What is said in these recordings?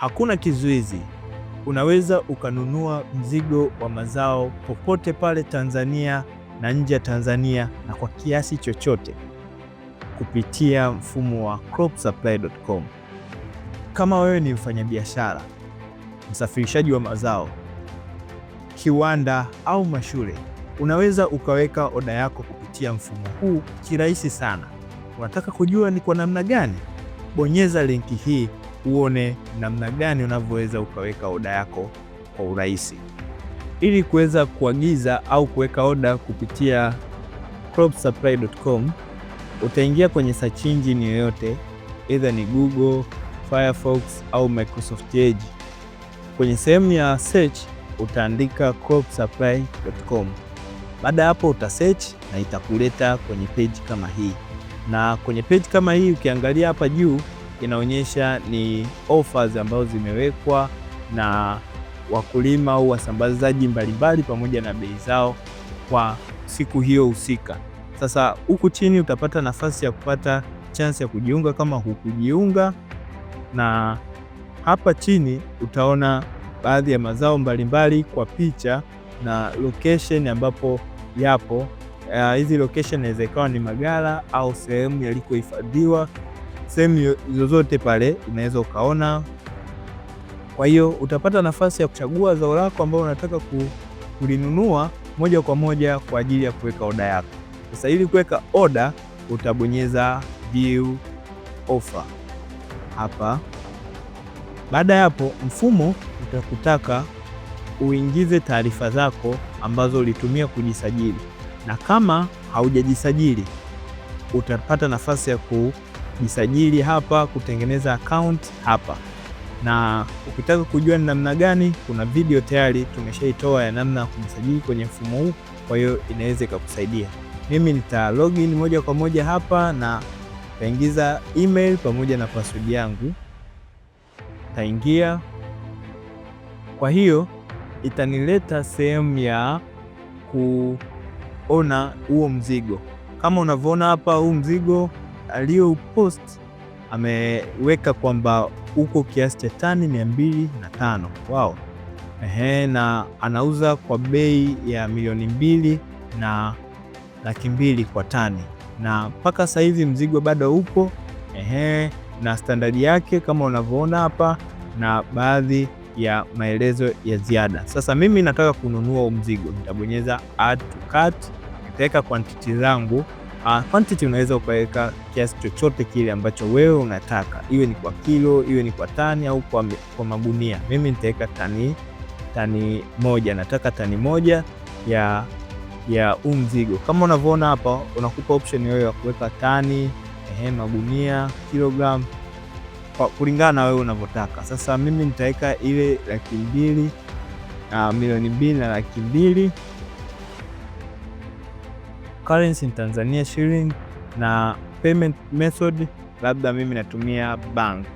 Hakuna kizuizi, unaweza ukanunua mzigo wa mazao popote pale Tanzania na nje ya Tanzania na kwa kiasi chochote kupitia mfumo wa CropSupply.com. Kama wewe ni mfanyabiashara, msafirishaji wa mazao, kiwanda au mashule, unaweza ukaweka oda yako kupitia mfumo huu kirahisi sana. Unataka kujua ni kwa namna gani? Bonyeza linki hii uone namna gani unavyoweza ukaweka oda yako kwa urahisi. Ili kuweza kuagiza au kuweka oda kupitia cropsupply.com, utaingia kwenye search engine yoyote, either ni Google, Firefox au Microsoft Edge. Kwenye sehemu ya search utaandika cropsupply.com. Baada ya hapo uta search na itakuleta kwenye page kama hii, na kwenye page kama hii ukiangalia hapa juu inaonyesha ni offers ambazo zimewekwa na wakulima au wasambazaji mbalimbali pamoja na bei zao kwa siku hiyo husika. Sasa huku chini utapata nafasi ya kupata chance ya kujiunga kama hukujiunga, na hapa chini utaona baadhi ya mazao mbalimbali kwa picha na location ambapo yapo. Ah, hizi uh, location inaweza ikawa ni magala au sehemu yalikohifadhiwa sehemu zozote pale unaweza ukaona. Kwa hiyo utapata nafasi ya kuchagua zao lako ambalo unataka kulinunua moja kwa moja kwa ajili ya kuweka oda yako. Sasa ili kuweka oda utabonyeza view offer hapa. Baada ya hapo, mfumo utakutaka uingize taarifa zako ambazo ulitumia kujisajili, na kama haujajisajili utapata nafasi ya ku kujisajili hapa, kutengeneza account hapa. Na ukitaka kujua ni namna gani, kuna video tayari tumeshaitoa ya namna ya kujisajili kwenye mfumo huu, kwa hiyo inaweza ikakusaidia. Mimi nita login moja kwa moja hapa na taingiza email pamoja na password yangu, taingia. Kwa hiyo itanileta sehemu ya kuona huo mzigo kama unavyoona hapa, huu mzigo aliyopost ameweka kwamba uko kiasi cha tani mia mbili na tano wao ehe, na anauza kwa bei ya milioni mbili na laki mbili kwa tani, na mpaka sasa hivi mzigo bado upo ehe, na standadi yake kama unavyoona hapa na baadhi ya maelezo ya ziada. Sasa mimi nataka kununua mzigo, nitabonyeza add to cart, nitaweka quantity zangu Uh, quantity unaweza ukaweka kiasi chochote kile ambacho wewe unataka, iwe ni kwa kilo, iwe ni kwa tani au kwa, kwa magunia. Mimi nitaweka tani, tani moja, nataka tani moja ya ya huu mzigo. Kama unavyoona hapa, unakupa option wewe ya kuweka tani, ehe, magunia, kilogram kulingana na wewe unavyotaka. Sasa mimi nitaweka ile laki mbili uh, milioni mbili na laki mbili currency in Tanzania shilling, na payment method labda mimi natumia bank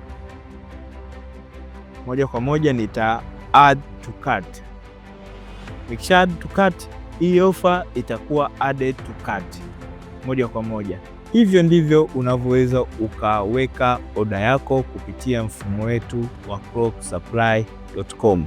moja kwa moja, nita add to cart. Nikisha add to cart, hii offer itakuwa added to cart moja kwa moja. Hivyo ndivyo unavyoweza ukaweka oda yako kupitia mfumo wetu wa clocksupply.com.